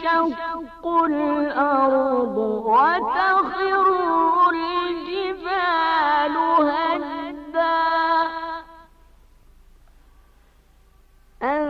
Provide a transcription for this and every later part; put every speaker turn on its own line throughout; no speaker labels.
تشق الأرض وتخر الجبال هدا أن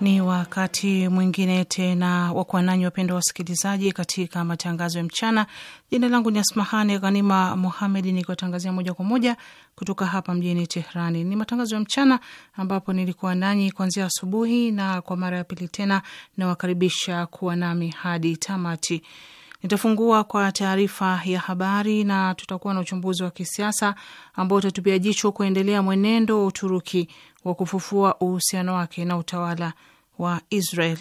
Ni wakati mwingine tena wa kuwa nanyi wapendwa wasikilizaji, katika matangazo ya mchana. Jina langu ni Asmahani Ghanima Muhamed, nikiwatangazia moja kwa moja kutoka hapa mjini Tehrani. Ni matangazo ya mchana ambapo nilikuwa nanyi kuanzia asubuhi, na kwa mara ya pili tena nawakaribisha kuwa nami hadi tamati. Nitafungua kwa taarifa ya habari na tutakuwa na uchambuzi wa kisiasa ambao utatupia jicho kuendelea mwenendo wa Uturuki wa kufufua uhusiano wake na utawala wa Israel.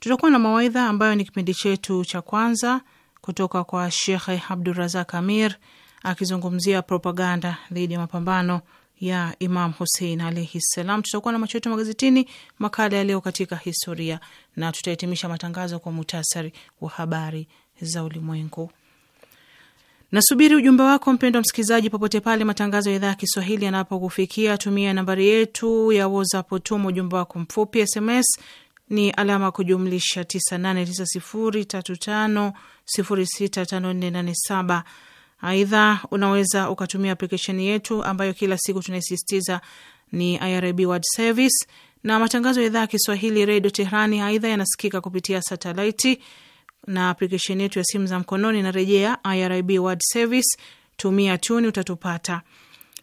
Tutakuwa na mawaidha ambayo ni kipindi chetu cha kwanza kutoka kwa Shekhe Abdurazak Amir akizungumzia propaganda dhidi ya mapambano ya Imam Husein alaihi ssalam. Tutakuwa na macho yetu magazetini, makala ya leo katika historia, na tutahitimisha matangazo kwa muhtasari wa habari za ulimwengu. Nasubiri ujumbe wako mpendwa msikilizaji, popote pale matangazo ya idhaa ya Kiswahili yanapokufikia, tumia nambari yetu ya WhatsApp, tuma ujumbe wako mfupi SMS ni alama kujumlisha 989035065487. Aidha, unaweza ukatumia aplikesheni yetu ambayo kila siku tunaisisitiza ni IRIB World Service, na matangazo ya idhaa ya Kiswahili redio Tehrani aidha yanasikika kupitia satelaiti na aplikesheni yetu ya simu za mkononi na rejea IRIB World Service, tumia tuni, utatupata.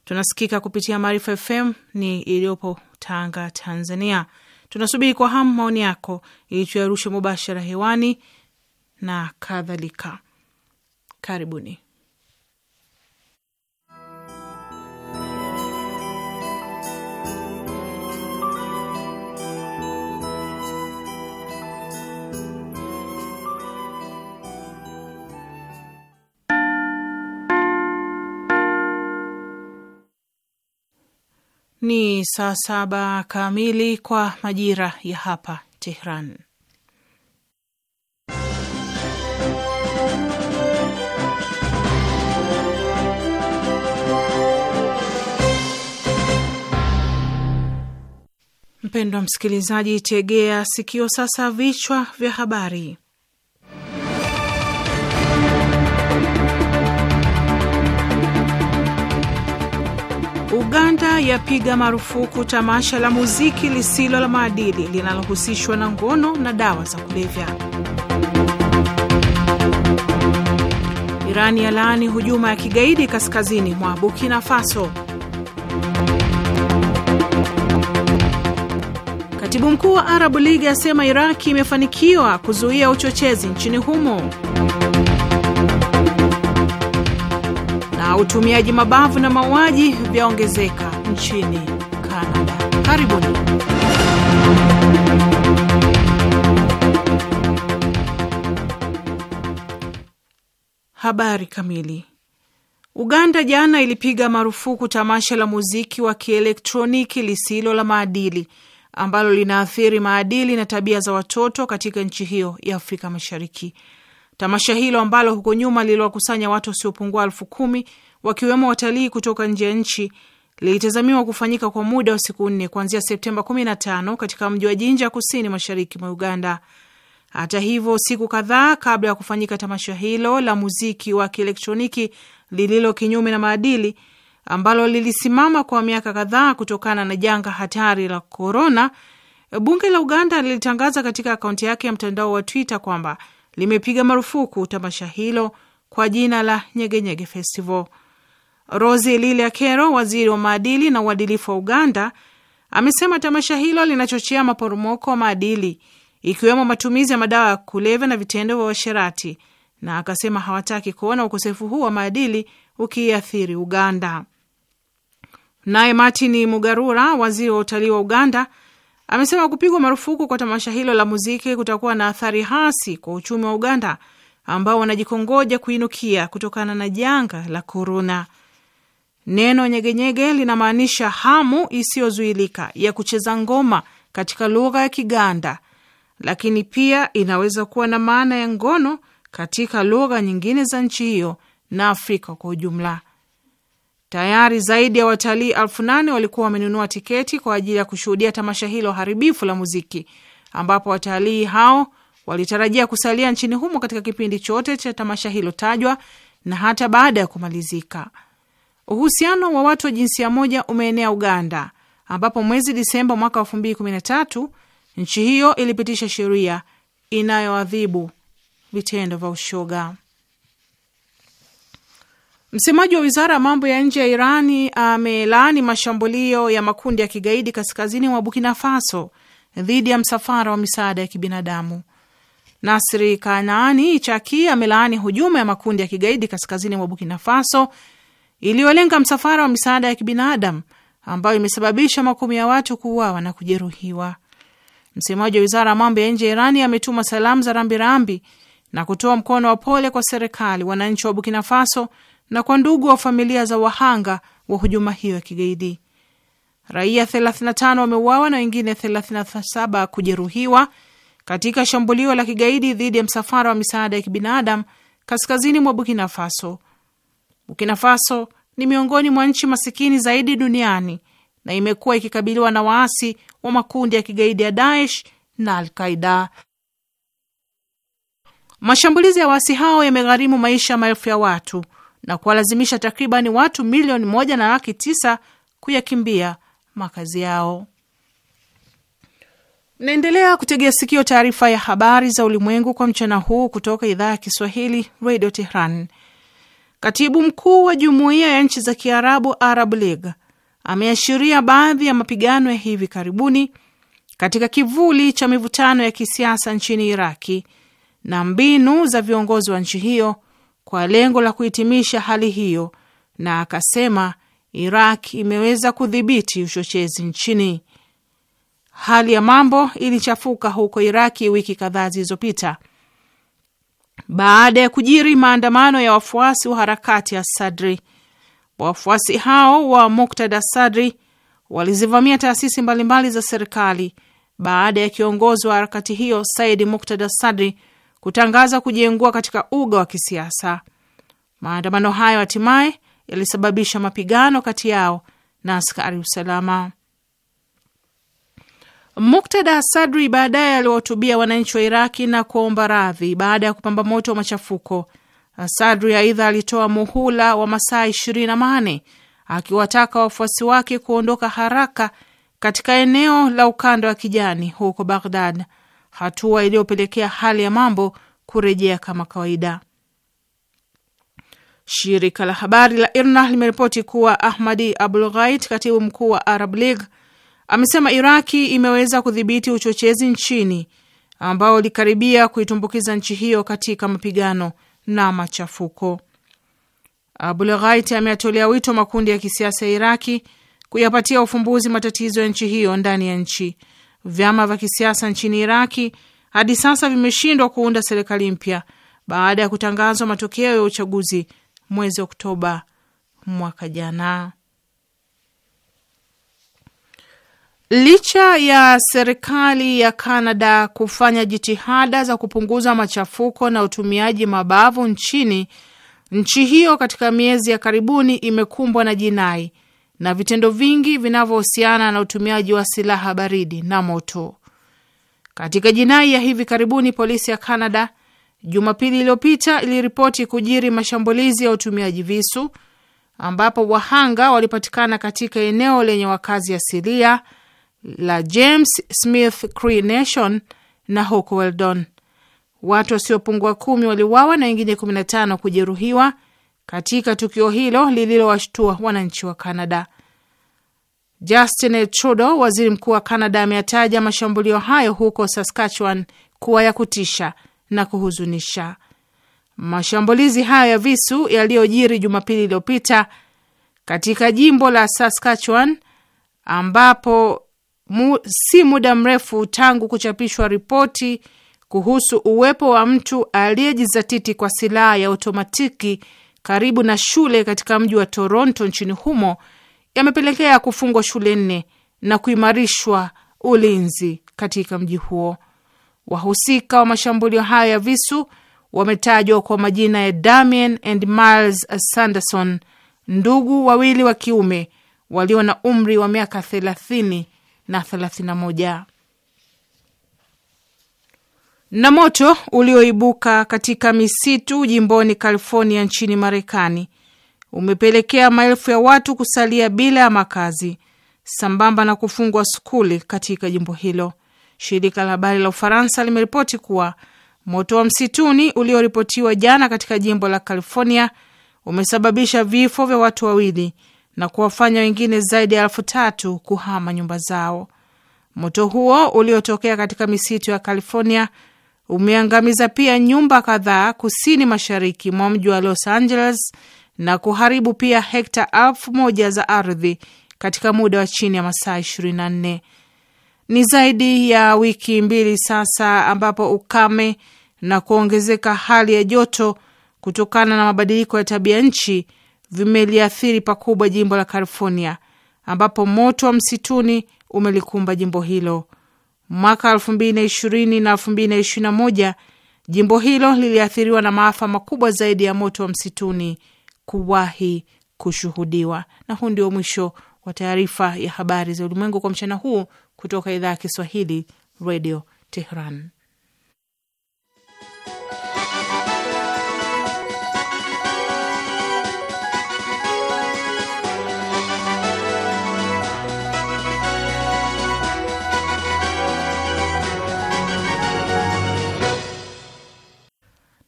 Tunasikika kupitia Maarifa FM ni iliyopo Tanga, Tanzania. Tunasubiri kwa hamu maoni yako ili tuyarushe mubashara hewani na kadhalika. Karibuni. Ni saa saba kamili kwa majira ya hapa Tehran. Mpendwa msikilizaji, tegea sikio sasa, vichwa vya habari. Uganda yapiga marufuku tamasha la muziki lisilo la maadili linalohusishwa na ngono na dawa za kulevya. Irani yalaani hujuma ya kigaidi kaskazini mwa Burkina Faso. Katibu mkuu wa Arab League asema Iraki imefanikiwa kuzuia uchochezi nchini humo. utumiaji mabavu na mauaji vyaongezeka nchini Kanada. Karibuni. Habari kamili. Uganda jana ilipiga marufuku tamasha la muziki wa kielektroniki lisilo la maadili ambalo linaathiri maadili na tabia za watoto katika nchi hiyo ya Afrika Mashariki. Tamasha hilo ambalo huko nyuma liliwakusanya watu wasiopungua elfu kumi wakiwemo watalii kutoka nje ya nchi lilitazamiwa kufanyika kwa muda wa siku nne kuanzia Septemba 15 katika mji wa Jinja, kusini mashariki mwa Uganda. Hata hivyo, siku kadhaa kabla ya kufanyika tamasha hilo la muziki wa kielektroniki lililo kinyume na maadili, ambalo lilisimama kwa miaka kadhaa kutokana na janga hatari la korona, bunge la Uganda lilitangaza katika akaunti yake ya mtandao wa Twitter kwamba limepiga marufuku tamasha hilo kwa jina la Nyegenyege Nyege Festival. Rosi Lilia Kero, waziri wa maadili na uadilifu wa Uganda, amesema tamasha hilo linachochea maporomoko wa maadili ikiwemo matumizi ya madawa ya kulevya na vitendo vya washirati na akasema hawataki kuona ukosefu huu wa maadili ukiathiri Uganda. Naye Martin Mugarura, waziri wa utalii wa Uganda, amesema kupigwa marufuku kwa tamasha hilo la muziki kutakuwa na athari hasi kwa uchumi wa Uganda ambao wanajikongoja kuinukia kutokana na janga la korona. Neno nyegenyege linamaanisha hamu isiyozuilika ya kucheza ngoma katika lugha ya Kiganda, lakini pia inaweza kuwa na maana ya ngono katika lugha nyingine za nchi hiyo na Afrika kwa ujumla. Tayari zaidi ya watalii elfu nane walikuwa wamenunua tiketi kwa ajili ya kushuhudia tamasha hilo haribifu la muziki, ambapo watalii hao walitarajia kusalia nchini humo katika kipindi chote cha tamasha hilo tajwa na hata baada ya kumalizika. Uhusiano wa watu wa jinsia moja umeenea Uganda, ambapo mwezi Disemba mwaka elfu mbili kumi na tatu nchi hiyo ilipitisha sheria inayoadhibu vitendo vya ushoga. Msemaji wa wizara ya mambo ya nje ya Irani amelaani mashambulio ya makundi ya kigaidi kaskazini mwa Burkina Faso dhidi ya msafara wa misaada ya kibinadamu. Nasri Kanaani Chaki amelaani hujuma ya makundi ya kigaidi kaskazini mwa Burkina Faso iliyolenga msafara wa misaada ya kibinadamu ambayo imesababisha makumi ya watu kuuawa na kujeruhiwa. Msemaji wa wizara ya mambo ya nje ya Irani ametuma salamu za rambirambi na kutoa mkono wa pole kwa serikali, wananchi wa Burkina Faso na kwa ndugu wa familia za wahanga wa hujuma hiyo ya kigaidi. Raia 35 wameuawa na wengine 37 kujeruhiwa katika shambulio la kigaidi dhidi ya msafara wa misaada ya kibinadamu kaskazini mwa Burkina Faso. Burkina Faso ni miongoni mwa nchi masikini zaidi duniani na imekuwa ikikabiliwa na waasi wa makundi ya kigaidi ya Daesh na Alqaida. Mashambulizi ya waasi hao yamegharimu maisha ya maelfu ya watu na kuwalazimisha takribani watu milioni moja na laki tisa kuyakimbia makazi yao. Naendelea kutegea sikio taarifa ya habari za ulimwengu kwa mchana huu kutoka idhaa ya Kiswahili, Radio Tehran. Katibu mkuu wa jumuiya ya nchi za Kiarabu, Arab League, ameashiria baadhi ya mapigano ya hivi karibuni katika kivuli cha mivutano ya kisiasa nchini Iraki na mbinu za viongozi wa nchi hiyo kwa lengo la kuhitimisha hali hiyo, na akasema Iraq imeweza kudhibiti uchochezi nchini. Hali ya mambo ilichafuka huko Iraki wiki kadhaa zilizopita baada ya kujiri maandamano ya wafuasi wa harakati ya Sadri. Wafuasi hao wa Muktada Sadri walizivamia taasisi mbalimbali za serikali baada ya kiongozi wa harakati hiyo said Muktada Sadri kutangaza kujiengua katika uga wa kisiasa. Maandamano hayo hatimaye yalisababisha mapigano kati yao na askari usalama. Muktada Sadri baadaye aliwahutubia wananchi wa Iraki na kuomba radhi baada ya kupamba moto wa machafuko. Sadri aidha alitoa muhula wa masaa ishirini na mane akiwataka wafuasi wake kuondoka haraka katika eneo la ukanda wa kijani huko Baghdad, hatua iliyopelekea hali ya mambo kurejea kama kawaida. Shirika la habari la IRNA limeripoti kuwa Ahmadi Abulghait, katibu mkuu wa Arab League, amesema Iraki imeweza kudhibiti uchochezi nchini ambao ulikaribia kuitumbukiza nchi hiyo katika mapigano na machafuko. Abul Ghait wito makundi ya kisiasa ya Iraki kuyapatia ufumbuzi matatizo ya nchi hiyo ndani ya nchi. Vyama vya kisiasa nchini Iraki hadi sasa vimeshindwa kuunda serikali mpya baada ya kutangazwa matokeo ya uchaguzi mwezi Oktoba mwaka jana. Licha ya serikali ya Kanada kufanya jitihada za kupunguza machafuko na utumiaji mabavu nchini, nchi hiyo katika miezi ya karibuni imekumbwa na jinai na vitendo vingi vinavyohusiana na utumiaji wa silaha baridi na moto. Katika jinai ya hivi karibuni, polisi ya Kanada Jumapili iliyopita iliripoti kujiri mashambulizi ya utumiaji visu ambapo wahanga walipatikana katika eneo lenye wakazi asilia la James Smith Cree Nation na huko Weldon. Watu wasiopungua kumi waliuawa na wengine 15 kujeruhiwa katika tukio hilo lililowashtua wananchi wa Canada. Justin Trudeau, waziri mkuu wa Canada, ameyataja mashambulio hayo huko Saskatchewan kuwa ya kutisha na kuhuzunisha. Mashambulizi hayo ya visu yaliyojiri Jumapili iliyopita katika jimbo la Saskatchewan ambapo mu, si muda mrefu tangu kuchapishwa ripoti kuhusu uwepo wa mtu aliyejizatiti kwa silaha ya otomatiki karibu na shule katika mji wa Toronto nchini humo yamepelekea kufungwa shule nne na kuimarishwa ulinzi katika mji huo. Wahusika wa mashambulio hayo ya visu wametajwa kwa majina ya Damien and Miles Sanderson, ndugu wawili wa kiume walio na umri wa miaka thelathini na thelathini na moja na moto ulioibuka katika misitu jimboni California nchini Marekani umepelekea maelfu ya watu kusalia bila ya makazi sambamba na kufungwa skuli katika jimbo hilo. Shirika la habari la Ufaransa limeripoti kuwa moto wa msituni ulioripotiwa jana katika jimbo la California umesababisha vifo vya watu wawili na kuwafanya wengine zaidi ya elfu tatu kuhama nyumba zao. Moto huo uliotokea katika misitu ya California umeangamiza pia nyumba kadhaa kusini mashariki mwa mji wa Los Angeles na kuharibu pia hekta elfu moja za ardhi katika muda wa chini ya masaa nne. Ni zaidi ya wiki mbili sasa ambapo ukame na kuongezeka hali ya joto kutokana na mabadiliko ya tabia nchi vimeliathiri pakubwa jimbo la California ambapo moto wa msituni umelikumba jimbo hilo. Mwaka elfu mbili na ishirini na elfu mbili na ishirini na moja jimbo hilo liliathiriwa na maafa makubwa zaidi ya moto wa msituni kuwahi kushuhudiwa. Na huu ndio mwisho wa taarifa ya habari za ulimwengu kwa mchana huu kutoka idhaa ya Kiswahili, Radio Tehran.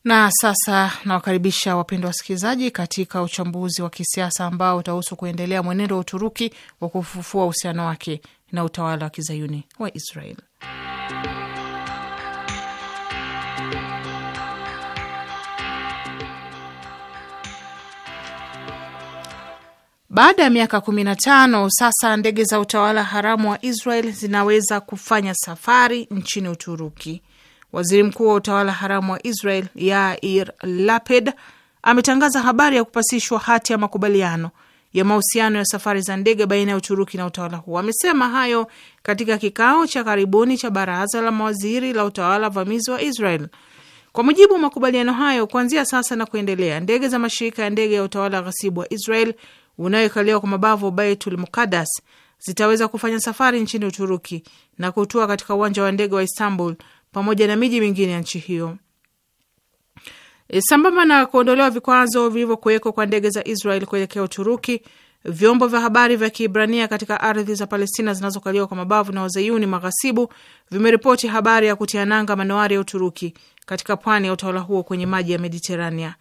Na sasa nawakaribisha wapendwa wasikilizaji katika uchambuzi wa kisiasa ambao utahusu kuendelea mwenendo wa Uturuki wa kufufua uhusiano wake na utawala wa kizayuni wa israel Baada ya miaka 15 sasa, ndege za utawala haramu wa Israel zinaweza kufanya safari nchini Uturuki Waziri mkuu wa utawala haramu wa Israel Yair Lapid ametangaza habari ya kupasishwa hati ya makubaliano ya mahusiano ya safari za ndege baina ya Uturuki na utawala huo. Amesema hayo katika kikao cha karibuni cha baraza la mawaziri la utawala vamizi wa Israel. Kwa mujibu wa makubaliano hayo, kuanzia sasa na kuendelea, ndege za mashirika ya ndege ya utawala ghasibu wa Israel unayoikaliwa kwa mabavu Baitul Mukadas zitaweza kufanya safari nchini Uturuki na kutua katika uwanja wa ndege wa Istanbul pamoja na miji mingine ya nchi hiyo. E, sambamba na kuondolewa vikwazo vilivyokuwekwa kwa ndege za Israel kuelekea Uturuki, vyombo vya habari vya Kiibrania katika ardhi za Palestina zinazokaliwa kwa mabavu na wazayuni maghasibu vimeripoti habari ya kutia nanga manowari ya Uturuki katika pwani ya utawala huo kwenye maji ya Mediterania.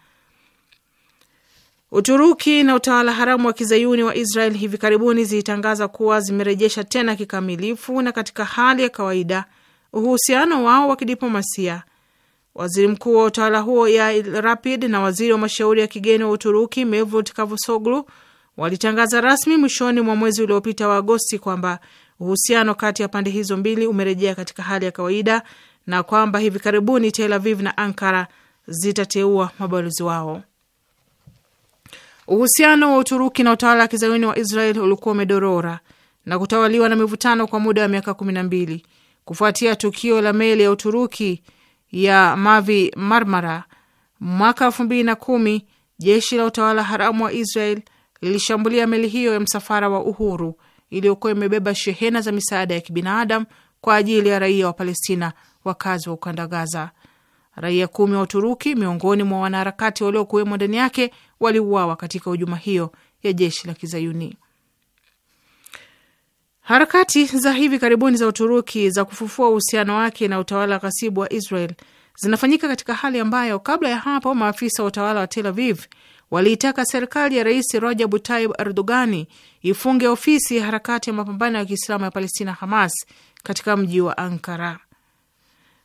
Uturuki na utawala haramu wa kizayuni wa Israel hivi karibuni zilitangaza kuwa zimerejesha tena kikamilifu na katika hali ya kawaida uhusiano wao wa kidiplomasia. Waziri mkuu wa utawala huo ya Rapid na waziri wa mashauri ya kigeni wa Uturuki Mevlut Cavusoglu walitangaza rasmi mwishoni mwa mwezi uliopita wa Agosti kwamba uhusiano kati ya pande hizo mbili umerejea katika hali ya kawaida na kwamba hivi karibuni Tel Aviv na Ankara zitateua mabalozi wao. Uhusiano wa Uturuki na utawala wa kizayuni wa Israel ulikuwa umedorora na kutawaliwa na mivutano kwa muda wa miaka kumi na mbili kufuatia tukio la meli ya Uturuki ya Mavi Marmara mwaka elfu mbili na kumi, jeshi la utawala haramu wa Israel lilishambulia meli hiyo ya msafara wa uhuru iliyokuwa imebeba shehena za misaada ya kibinadamu kwa ajili ya raia wa Palestina wakazi wa ukanda Gaza. Raia kumi wa Uturuki miongoni mwa wanaharakati waliokuwemo ndani yake waliuawa katika hujuma hiyo ya jeshi la Kizayuni. Harakati za hivi karibuni za Uturuki za kufufua uhusiano wake na utawala ghasibu wa Israel zinafanyika katika hali ambayo kabla ya hapo maafisa wa utawala wa Tel Aviv waliitaka serikali ya Rais Rajabu Tayyip Erdogani ifunge ofisi ya harakati ya mapambano ya Kiislamu ya Palestina, Hamas, katika mji wa Ankara.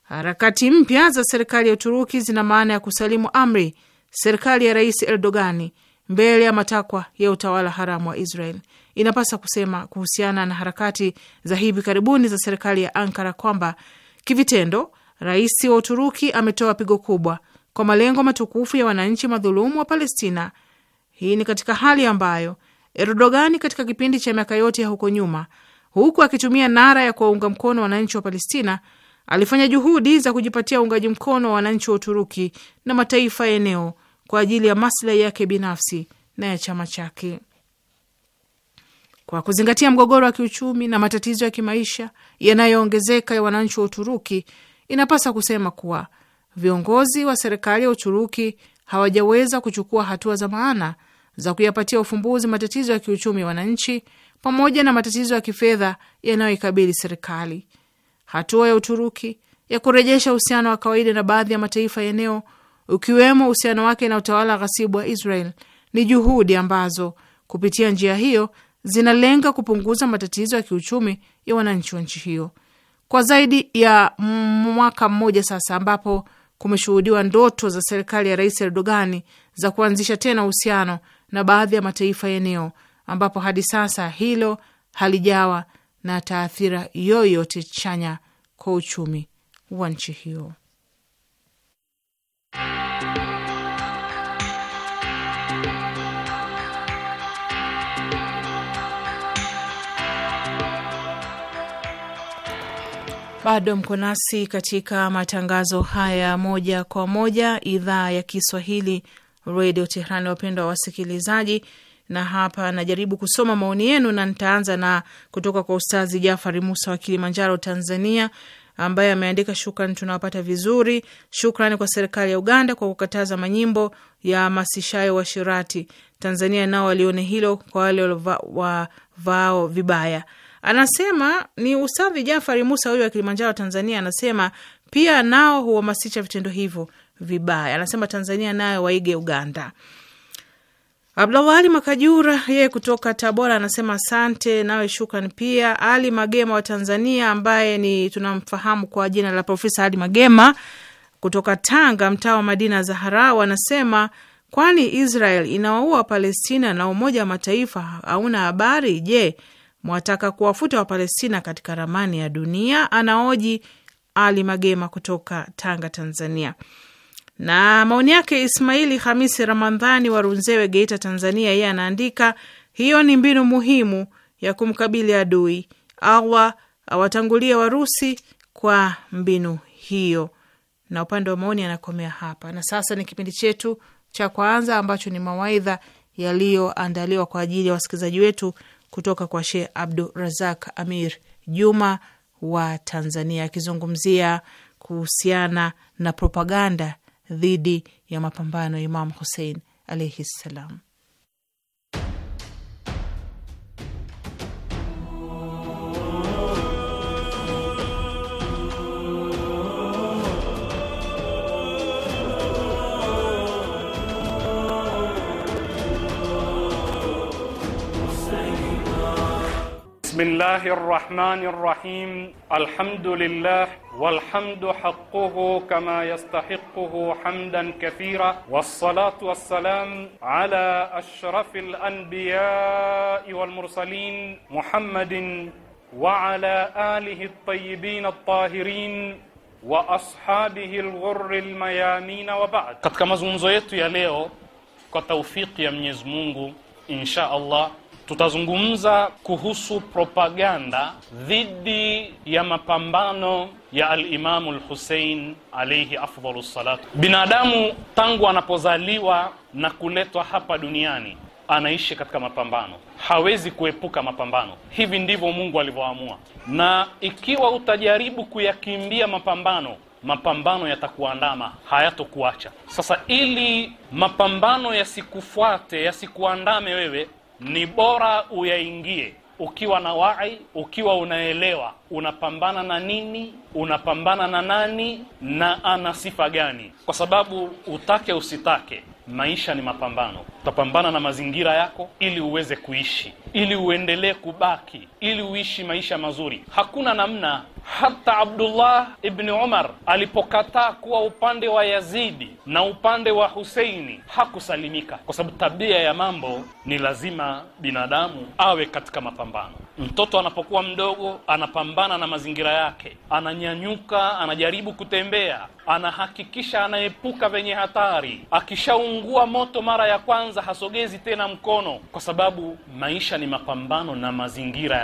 Harakati mpya za serikali ya Uturuki zina maana ya kusalimu amri serikali ya Rais Erdogani mbele ya matakwa ya utawala haramu wa Israel. Inapasa kusema kuhusiana na harakati za hivi karibuni za serikali ya Ankara kwamba kivitendo, rais wa Uturuki ametoa pigo kubwa kwa malengo matukufu ya wananchi madhulumu wa Palestina. Hii ni katika hali ambayo Erdogani katika kipindi cha miaka yote ya huko nyuma, huku akitumia nara ya kuwaunga mkono wananchi wa Palestina, alifanya juhudi za kujipatia uungaji mkono wa wananchi wa Uturuki na mataifa ya eneo kwa ajili ya maslahi yake binafsi na ya chama chake. Kwa kuzingatia mgogoro wa kiuchumi na matatizo ya kimaisha yanayoongezeka ya wananchi wa Uturuki, inapasa kusema kuwa viongozi wa serikali ya Uturuki hawajaweza kuchukua hatua za maana za kuyapatia ufumbuzi matatizo ya kiuchumi ya wananchi pamoja na matatizo ya kifedha yanayoikabili serikali. Hatua ya Uturuki ya kurejesha uhusiano wa kawaida na baadhi ya mataifa ya eneo ukiwemo uhusiano wake na utawala ghasibu wa Israel ni juhudi ambazo kupitia njia hiyo zinalenga kupunguza matatizo ya kiuchumi ya wananchi wa nchi hiyo. Kwa zaidi ya mwaka mmoja sasa, ambapo kumeshuhudiwa ndoto za serikali ya Rais Erdogani za kuanzisha tena uhusiano na baadhi ya mataifa ya eneo, ambapo hadi sasa hilo halijawa na taathira yoyote chanya kwa uchumi wa nchi hiyo. Bado mko nasi katika matangazo haya moja kwa moja, idhaa ya Kiswahili, redio Tehrani. Wapendwa wasikilizaji, na hapa najaribu kusoma maoni yenu, na nitaanza na kutoka kwa Ustazi Jafari Musa wa Kilimanjaro, Tanzania, ambaye ameandika shukrani tunawapata vizuri. Shukrani kwa serikali ya Uganda kwa kukataza manyimbo ya masishayo washirati. Tanzania nao walione hilo kwa wale wavaao vibaya. Anasema ni Ustadhi Jafari Musa huyo wa Kilimanjaro, Tanzania. Anasema pia nao huhamasisha vitendo hivyo vibaya. Anasema Tanzania nayo waige Uganda. Abdallah Ali Makajura yeye kutoka Tabora anasema asante, nawe shukran. Pia Ali Magema wa Tanzania ambaye ni tunamfahamu kwa jina la Profesa Ali Magema kutoka Tanga, mtaa wa Madina Zaharau, anasema kwani Israel inawaua Palestina na Umoja wa Mataifa hauna habari? Je, yeah mwataka kuwafuta Wapalestina katika ramani ya dunia. Anaoji Ali Magema kutoka Tanga, Tanzania. Na maoni yake Ismaili Hamisi Ramadhani wa Runzewe, Geita, Tanzania, yeye anaandika hiyo ni mbinu muhimu ya kumkabili adui, awa awatangulia Warusi kwa mbinu hiyo. Na upande wa maoni anakomea hapa, na sasa ni kipindi chetu cha kwanza ambacho ni mawaidha yaliyoandaliwa kwa ajili ya wasikilizaji wetu kutoka kwa Sheikh Abdurazak Amir Juma wa Tanzania akizungumzia kuhusiana na propaganda dhidi ya mapambano ya Imam Hussein alaihi ssalam.
بسم الله الرحمن الرحيم الحمد لله والحمد حقه كما يستحقه حمدا كثيرا والصلاة والسلام على أشرف الأنبياء والمرسلين محمد وعلى آله الطيبين الطاهرين وأصحابه الغر الميامين وبعد katika mazungumzo yetu ya leo kwa يا ya Mwenyezi Mungu tutazungumza kuhusu propaganda dhidi ya mapambano ya alimamu Lhusein alaihi afdalu salatu. Binadamu tangu anapozaliwa na kuletwa hapa duniani anaishi katika mapambano, hawezi kuepuka mapambano. Hivi ndivyo Mungu alivyoamua, na ikiwa utajaribu kuyakimbia mapambano mapambano yatakuandama, hayatokuacha. Sasa ili mapambano yasikufuate, yasikuandame wewe, ni bora uyaingie ukiwa na wai, ukiwa unaelewa unapambana na nini, unapambana na nani na ana sifa gani, kwa sababu utake usitake, maisha ni mapambano utapambana na mazingira yako ili uweze kuishi, ili uendelee kubaki, ili uishi maisha mazuri. Hakuna namna. Hata Abdullah ibni Umar alipokataa kuwa upande wa Yazidi na upande wa Huseini hakusalimika, kwa sababu tabia ya mambo ni lazima binadamu awe katika mapambano. Mtoto anapokuwa mdogo anapambana na mazingira yake, ananyanyuka, anajaribu kutembea, anahakikisha anaepuka venye hatari. Akishaungua moto mara ya kwanza kwanza hasogezi tena mkono, kwa sababu maisha ni mapambano na mazingira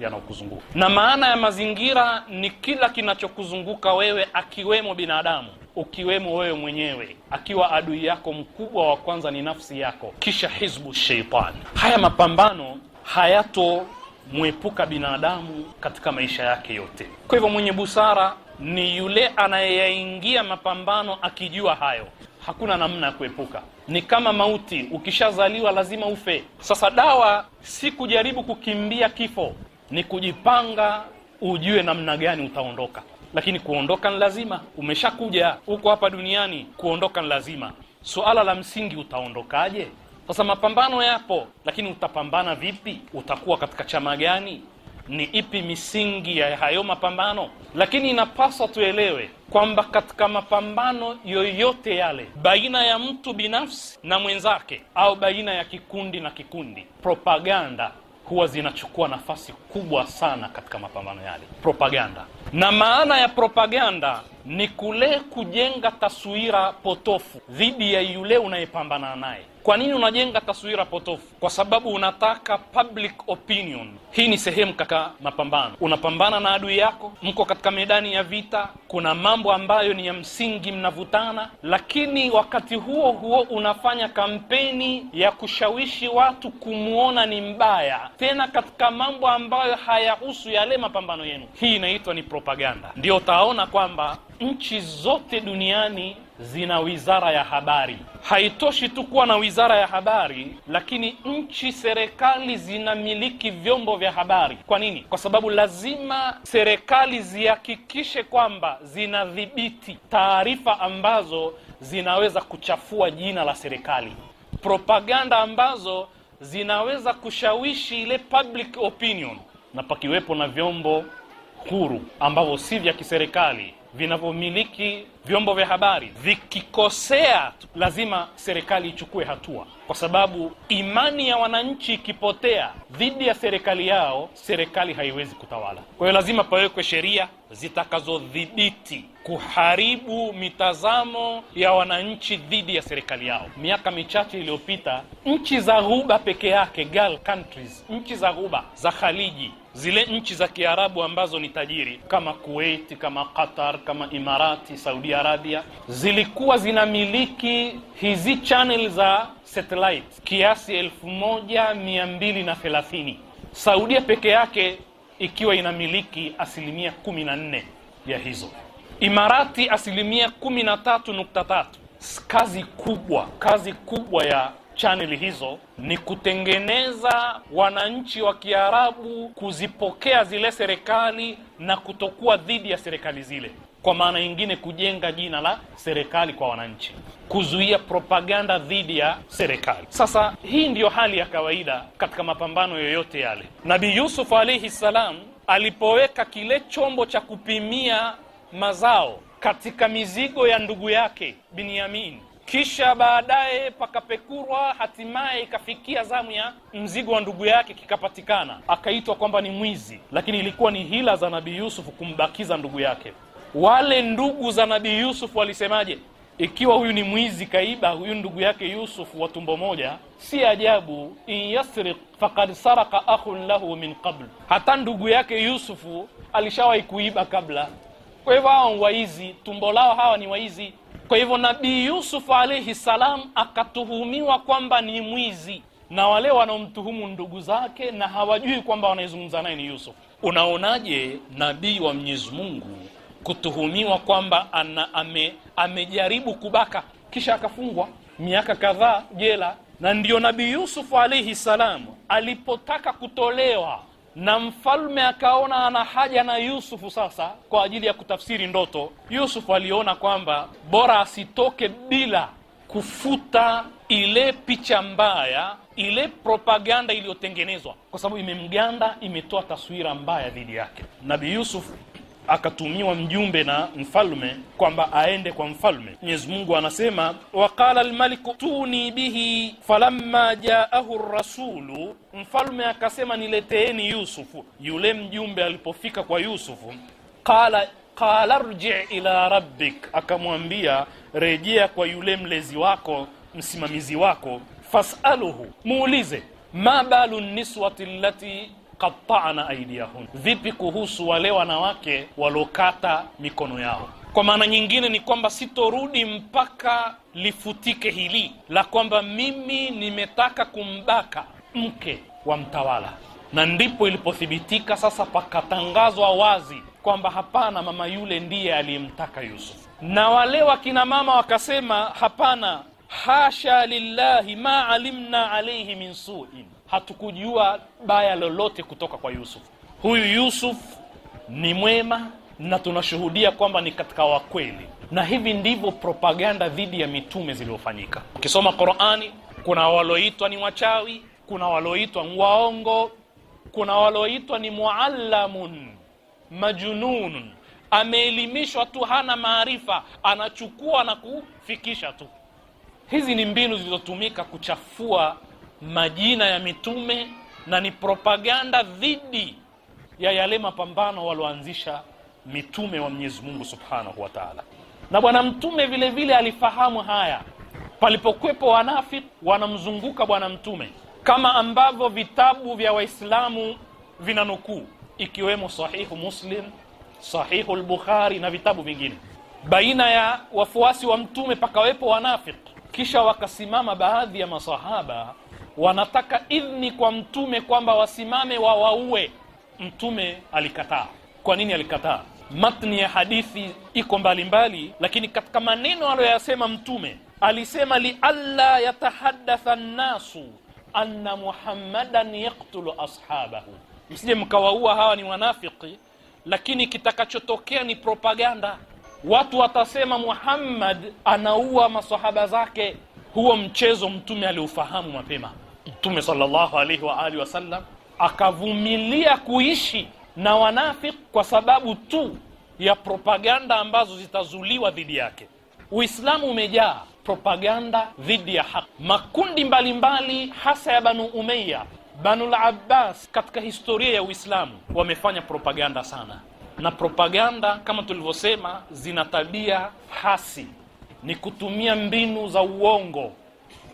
yanayokuzunguka. Na maana ya mazingira ni kila kinachokuzunguka wewe, akiwemo binadamu, ukiwemo wewe mwenyewe, akiwa adui yako mkubwa wa kwanza ni nafsi yako, kisha hizbu sheitani. Haya mapambano hayatomwepuka binadamu katika maisha yake yote. Kwa hivyo mwenye busara ni yule anayeyaingia mapambano akijua hayo hakuna namna ya kuepuka, ni kama mauti. Ukishazaliwa lazima ufe. Sasa dawa si kujaribu kukimbia kifo, ni kujipanga, ujue namna gani utaondoka. Lakini kuondoka ni lazima, umeshakuja huko hapa duniani, kuondoka ni lazima. Suala la msingi, utaondokaje? Sasa mapambano yapo, lakini utapambana vipi? Utakuwa katika chama gani? ni ipi misingi ya hayo mapambano, lakini inapaswa tuelewe kwamba katika mapambano yoyote yale baina ya mtu binafsi na mwenzake au baina ya kikundi na kikundi, propaganda huwa zinachukua nafasi kubwa sana katika mapambano yale. Propaganda na maana ya propaganda ni kule kujenga taswira potofu dhidi ya yule unayepambana naye. Kwa nini unajenga taswira potofu? Kwa sababu unataka public opinion. Hii ni sehemu katika mapambano, unapambana na adui yako, mko katika medani ya vita, kuna mambo ambayo ni ya msingi, mnavutana, lakini wakati huo huo unafanya kampeni ya kushawishi watu kumwona ni mbaya, tena katika mambo ambayo hayahusu yale mapambano yenu. Hii inaitwa ni propaganda. Ndio utaona kwamba nchi zote duniani zina wizara ya habari. Haitoshi tu kuwa na wizara ya habari, lakini nchi, serikali zinamiliki vyombo vya habari. Kwa nini? Kwa sababu lazima serikali zihakikishe kwamba zinadhibiti taarifa ambazo zinaweza kuchafua jina la serikali, propaganda ambazo zinaweza kushawishi ile public opinion, na pakiwepo na vyombo huru ambavyo si vya kiserikali vinavyomiliki vyombo vya habari vikikosea, lazima serikali ichukue hatua, kwa sababu imani ya wananchi ikipotea dhidi ya serikali yao, serikali haiwezi kutawala. Kwa hiyo lazima pawekwe sheria zitakazodhibiti kuharibu mitazamo ya wananchi dhidi ya serikali yao. Miaka michache iliyopita, nchi za Ghuba peke yake, Gulf countries, nchi za Ghuba za Khaliji zile nchi za Kiarabu ambazo ni tajiri kama Kuwait, kama Qatar, kama Imarati, Saudi Arabia zilikuwa zinamiliki hizi channel za satellite kiasi elfu moja mia mbili na thelathini. Saudia peke yake ikiwa inamiliki asilimia kumi na nne ya hizo, Imarati asilimia kumi na tatu nukta tatu. Kazi kubwa, kazi kubwa ya chaneli hizo ni kutengeneza wananchi wa Kiarabu kuzipokea zile serikali na kutokuwa dhidi ya serikali zile. Kwa maana nyingine, kujenga jina la serikali kwa wananchi, kuzuia propaganda dhidi ya serikali. Sasa hii ndiyo hali ya kawaida katika mapambano yoyote yale. nabi Yusuf alaihi ssalam alipoweka kile chombo cha kupimia mazao katika mizigo ya ndugu yake Binyamin kisha baadaye pakapekurwa, hatimaye ikafikia zamu ya mzigo wa ndugu yake kikapatikana, akaitwa kwamba ni mwizi, lakini ilikuwa ni hila za Nabii Yusuf kumbakiza ndugu yake. Wale ndugu za Nabii yusufu walisemaje? Ikiwa huyu ni mwizi kaiba huyu ndugu yake Yusuf wa tumbo moja, si ajabu. in yasriq fakad saraka akhun lahu min qabl, hata ndugu yake Yusufu alishawahi kuiba kabla. Kwa hivyo hawa waizi tumbo lao, hawa ni waizi. Kwa hivyo Nabii Yusuf alaihi salam akatuhumiwa kwamba ni mwizi, na wale wanaomtuhumu ndugu zake, na hawajui kwamba wanaizungumza naye ni Yusuf. Unaonaje nabii wa Mwenyezi Mungu kutuhumiwa kwamba ana, ame, amejaribu kubaka kisha akafungwa miaka kadhaa jela? Na ndiyo Nabii Yusuf alaihi salam alipotaka kutolewa na mfalme akaona ana haja na Yusufu sasa kwa ajili ya kutafsiri ndoto. Yusufu aliona kwamba bora asitoke bila kufuta ile picha mbaya, ile propaganda iliyotengenezwa, kwa sababu imemganda, imetoa taswira mbaya dhidi yake. Nabii Yusuf akatumiwa mjumbe na mfalme kwamba aende kwa mfalme. Mwenyezi Mungu anasema waqala lmaliku tuni bihi falamma jaahu rasulu, mfalme akasema nileteeni Yusufu. Yule mjumbe alipofika kwa Yusufu qala qala rji ila rabbik, akamwambia rejea kwa yule mlezi wako msimamizi wako, fasaluhu muulize ma balu niswati allati qatana aidiyahun, vipi kuhusu wale wanawake waliokata mikono yao? Kwa maana nyingine ni kwamba sitorudi mpaka lifutike hili la kwamba mimi nimetaka kumbaka mke wa mtawala, na ndipo ilipothibitika sasa, pakatangazwa wazi kwamba hapana, mama yule ndiye aliyemtaka Yusuf, na wale wakina mama wakasema hapana, hasha lillahi ma alimna alaihi min suin hatukujua baya lolote kutoka kwa Yusuf. Huyu Yusuf ni mwema na tunashuhudia kwamba ni katika wakweli, na hivi ndivyo propaganda dhidi ya mitume zilizofanyika Ukisoma Qurani kuna waloitwa ni wachawi, kuna waloitwa waongo, kuna waloitwa ni muallamun majunun, ameelimishwa tu, hana maarifa, anachukua na kufikisha tu. Hizi ni mbinu zilizotumika kuchafua majina ya mitume na ni propaganda dhidi ya yale mapambano walioanzisha mitume wa Mwenyezi Mungu Subhanahu wa Ta'ala. Na bwana mtume vile vile alifahamu haya. Palipokwepo wanafiki wanamzunguka bwana mtume, kama ambavyo vitabu vya Waislamu nukuu ikiwemo Sahihu Muslim, Sahihu al-Bukhari na vitabu vingine. Baina ya wafuasi wa mtume pakawepo wanafiki, kisha wakasimama baadhi ya masahaba wanataka idhni kwa mtume kwamba wasimame wawaue. Mtume alikataa. Kwa nini alikataa? Matni ya hadithi iko mbalimbali lakini katika maneno aliyoyasema mtume alisema lialla yatahadatha nnasu anna muhammadan yaktulu ashabahu, msije mkawaua hawa ni wanafiki, lakini kitakachotokea ni propaganda. Watu watasema Muhammad anaua masahaba zake. Huo mchezo mtume aliufahamu mapema. Mtume sallallahu alaihi wa alihi wasallam akavumilia kuishi na wanafiki kwa sababu tu ya propaganda ambazo zitazuliwa dhidi yake. Uislamu umejaa propaganda dhidi ya haki. Makundi mbalimbali mbali, hasa ya Banu Umeya, Banu al-Abbas, katika historia ya Uislamu wamefanya propaganda sana, na propaganda kama tulivyosema, zina tabia hasi, ni kutumia mbinu za uongo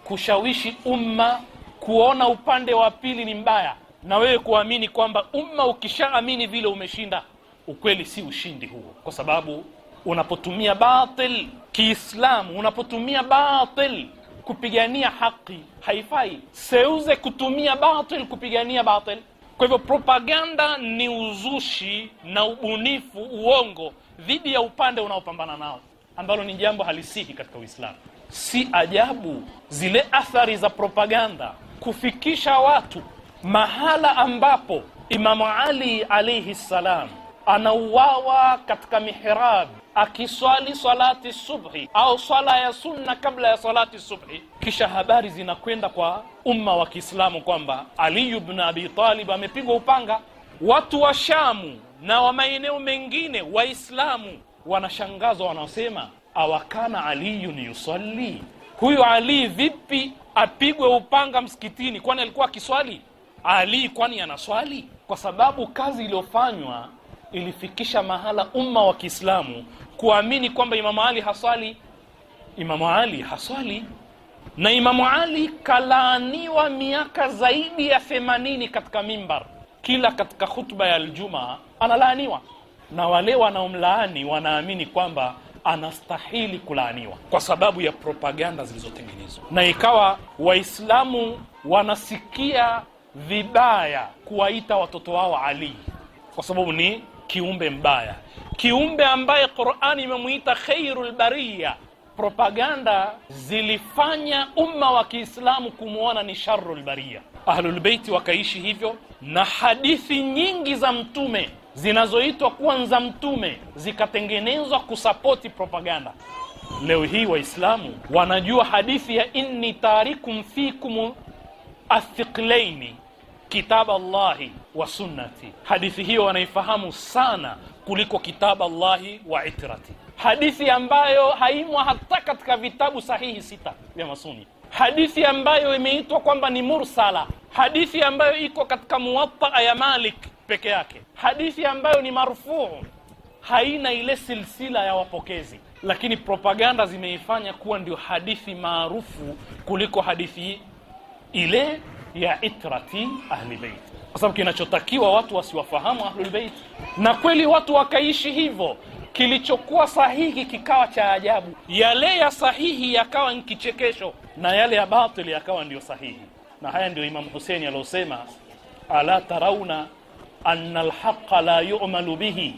kushawishi umma kuona upande wa pili ni mbaya na wewe kuamini kwamba umma ukishaamini vile umeshinda, ukweli si ushindi huo, kwa sababu unapotumia batil Kiislamu, unapotumia batil kupigania haki haifai. Seuze kutumia batil kupigania batil. Kwa hivyo propaganda ni uzushi na ubunifu uongo dhidi ya upande unaopambana nao, ambalo ni jambo halisihi katika Uislamu. Si ajabu zile athari za propaganda kufikisha watu mahala ambapo Imamu Ali alaihi ssalam anauawa katika mihrab akiswali salati subhi au swala ya sunna kabla ya salati subhi, kisha habari zinakwenda kwa umma wa Kiislamu kwamba Ali ibn Abi Talib amepigwa upanga. Watu wa Shamu na wa maeneo mengine Waislamu wanashangazwa, wanasema awakana aliyun yusalli, huyu Ali vipi apigwe upanga msikitini, kwani alikuwa akiswali Ali? Kwani anaswali? Kwa sababu kazi iliyofanywa ilifikisha mahala umma wa Kiislamu kuamini kwamba Imamu Ali haswali. Imamu Ali haswali, na Imamu Ali kalaaniwa miaka zaidi ya themanini katika mimbar, kila katika khutba ya aljuma analaaniwa, na wale wanaomlaani wanaamini kwamba anastahili kulaaniwa kwa sababu ya propaganda zilizotengenezwa, na ikawa Waislamu wanasikia vibaya kuwaita watoto wao Ali kwa sababu ni kiumbe mbaya, kiumbe ambaye Qurani imemwita khairul bariya. Propaganda zilifanya umma wa Kiislamu kumwona ni sharul bariya. Ahlulbeiti wakaishi hivyo, na hadithi nyingi za Mtume zinazoitwa kuwa za mtume zikatengenezwa kusapoti propaganda. Leo hii Waislamu wanajua hadithi ya inni tarikum fikum athiqlaini kitaba Allahi wa sunnati. Hadithi hiyo wanaifahamu sana kuliko kitaba Allahi wa itrati, hadithi ambayo haimwa hata katika vitabu sahihi sita vya Masuni, hadithi ambayo imeitwa kwamba ni mursala, hadithi ambayo iko katika Muwatta ya Malik peke yake. Hadithi ambayo ni marufuu haina ile silsila ya wapokezi, lakini propaganda zimeifanya kuwa ndio hadithi maarufu kuliko hadithi ile ya itrati ahlibeit kwa sababu kinachotakiwa watu wasiwafahamu ahlulbeit, na kweli watu wakaishi hivyo. Kilichokuwa sahihi kikawa cha ajabu, yale ya sahihi yakawa ni kichekesho, na yale ya batili yakawa ndio sahihi. Na haya ndio Imamu Huseini aliosema ala tarauna anna alhaqa la yu'malu bihi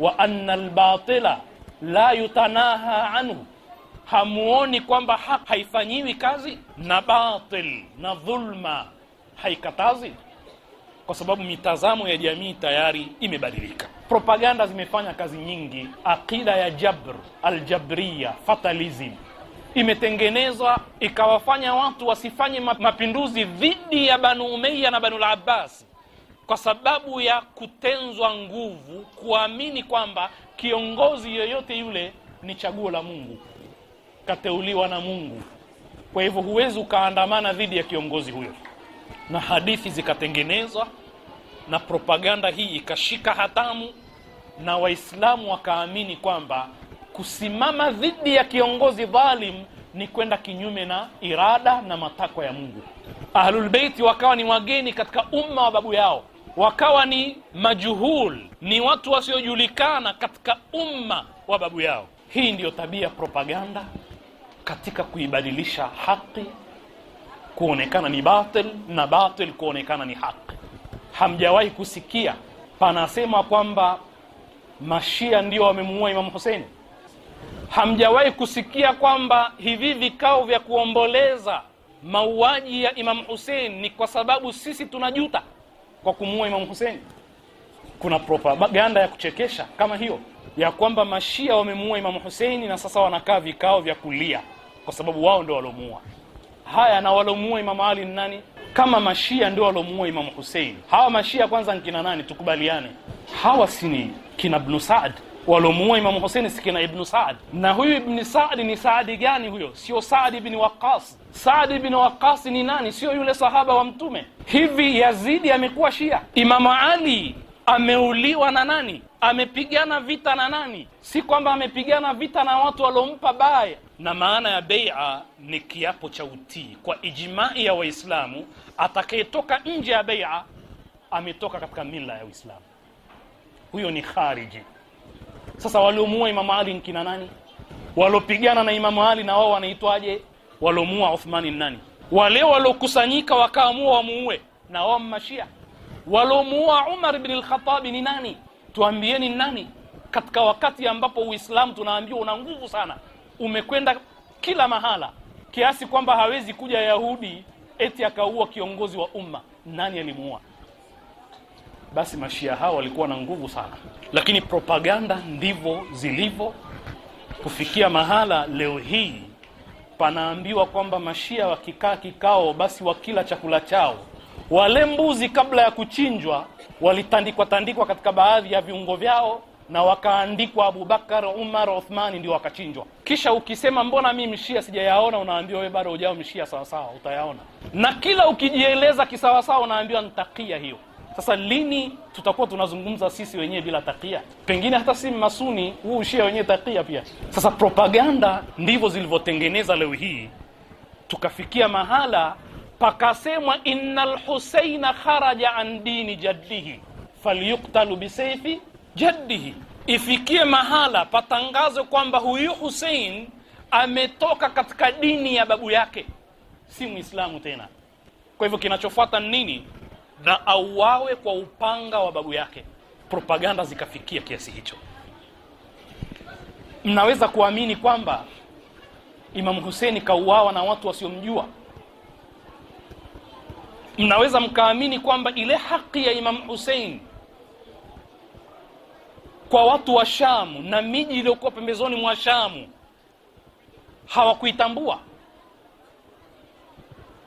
wa anna albatila la yutanaha anhu hamuoni kwamba haq haifanyiwi kazi na batil na dhulma haikatazi kwa sababu mitazamo ya jamii tayari imebadilika propaganda zimefanya kazi nyingi aqida ya jabr aljabriya fatalism imetengenezwa ikawafanya watu wasifanye mapinduzi dhidi ya banu umeya na banu labbasi kwa sababu ya kutenzwa nguvu, kuamini kwamba kiongozi yoyote yule ni chaguo la Mungu, kateuliwa na Mungu. Kwa hivyo huwezi ukaandamana dhidi ya kiongozi huyo, na hadithi zikatengenezwa na propaganda hii ikashika hatamu, na Waislamu wakaamini kwamba kusimama dhidi ya kiongozi dhalim ni kwenda kinyume na irada na matakwa ya Mungu. Ahlulbeiti wakawa ni wageni katika umma wa babu yao wakawa ni majuhul, ni watu wasiojulikana katika umma wa babu yao. Hii ndiyo tabia propaganda katika kuibadilisha haki kuonekana ni batil na batil kuonekana ni haki. Hamjawahi kusikia panasema kwamba mashia ndio wamemuua Imamu Huseini? Hamjawahi kusikia kwamba hivi vikao vya kuomboleza mauaji ya Imamu Husein ni kwa sababu sisi tunajuta? kwa kumuua Imamu Hussein. Kuna propaganda ya kuchekesha kama hiyo ya kwamba mashia wamemuua Imamu Hussein na sasa wanakaa vikao vya kulia kwa sababu wao ndio walomuua. Haya, na walomuua Imamu Ali nani kama mashia ndio walomuua Imamu Hussein? Hawa mashia kwanza nkina nani? Tukubaliane, hawa si ni kina Ibn Saad waliomuua Imamu Hussein sikina Ibn Saad. Na huyu Ibn Saad ni Saadi gani huyo? Sio Saadi ibn Waqas. Saadi ibn waqasi ni nani? Sio yule sahaba wa Mtume. Hivi Yazidi amekuwa Shia? Imamu Ali ameuliwa na nani? Amepigana vita na nani? Si kwamba amepigana vita na watu waliompa baya. Na maana ya beia ni kiapo cha utii kwa ijmai ya Waislamu. Atakayetoka nje ya beia ametoka katika mila ya Uislamu, huyo ni khariji. Sasa waliomuua Imamu Ali nkina nani? Walopigana na Imamu Ali na wao wanaitwaje? Waliomuua Uthmani nani? Wale waliokusanyika wakaamua wamuue na wao mmashia. Waliomuua Umar ibn lkhatabi ni nani? Tuambieni nani? Katika wakati ambapo Uislamu tunaambiwa una nguvu sana, umekwenda kila mahala, kiasi kwamba hawezi kuja Yahudi eti akaua kiongozi wa umma. Nani alimuua? basi mashia hao walikuwa na nguvu sana, lakini propaganda ndivyo zilivyo kufikia mahala leo hii panaambiwa kwamba mashia wakikaa kikao, basi wakila chakula chao, wale mbuzi kabla ya kuchinjwa walitandikwa tandikwa katika baadhi ya viungo vyao na wakaandikwa Abubakar, Umar, Uthmani ndio wakachinjwa. Kisha ukisema mbona mi mshia sijayaona, unaambiwa we bado ujao mshia sawasawa, utayaona. Na kila ukijieleza kisawasawa, unaambiwa ntakia hiyo sasa lini tutakuwa tunazungumza sisi wenyewe bila takia? Pengine hata si masuni huu ushia wenyewe takia pia. Sasa propaganda ndivyo zilivyotengeneza leo hii, tukafikia mahala pakasemwa, innal husaina kharaja an dini jaddihi falyuktalu bisaifi jaddihi, ifikie mahala patangazwe kwamba huyu Hussein ametoka katika dini ya babu yake, si Muislamu tena. Kwa hivyo kinachofuata nini? na auawe kwa upanga wa babu yake propaganda zikafikia kiasi hicho mnaweza kuamini kwamba imamu Huseni kauawa na watu wasiomjua mnaweza mkaamini kwamba ile haki ya imamu husein kwa watu wa Shamu na miji iliyokuwa pembezoni mwa Shamu hawakuitambua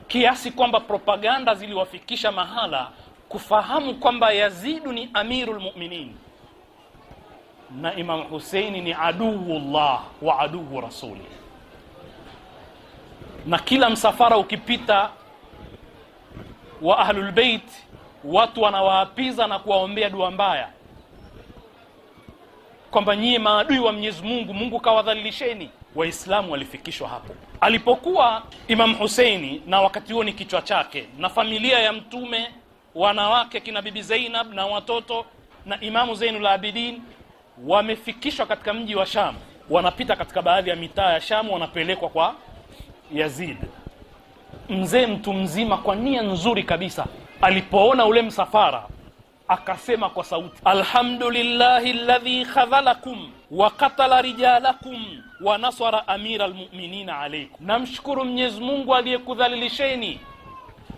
kiasi kwamba propaganda ziliwafikisha mahala kufahamu kwamba Yazidu ni amiru lmuminin na Imam Huseini ni llah wa aduwu rasuli, na kila msafara ukipita wa Ahlulbeit watu wanawaapiza na kuwaombea dua mbaya kwamba nyie maadui wa Mwenyezi Mungu, Mungu kawadhalilisheni. Waislamu walifikishwa hapo alipokuwa Imam Huseini, na wakati huo ni kichwa chake na familia ya Mtume, wanawake kina Bibi Zainab na watoto na Imamu Zainul Abidin wamefikishwa katika mji wa Sham, wanapita katika baadhi ya mitaa ya Sham, wanapelekwa kwa Yazid. Mzee mtu mzima kwa nia nzuri kabisa, alipoona ule msafara akasema kwa sauti, alhamdulillahi ladhi khadhalakum wa katala rijalakum wa nasara amira almu'minina alaikum, namshukuru Mwenyezi Mungu aliyekudhalilisheni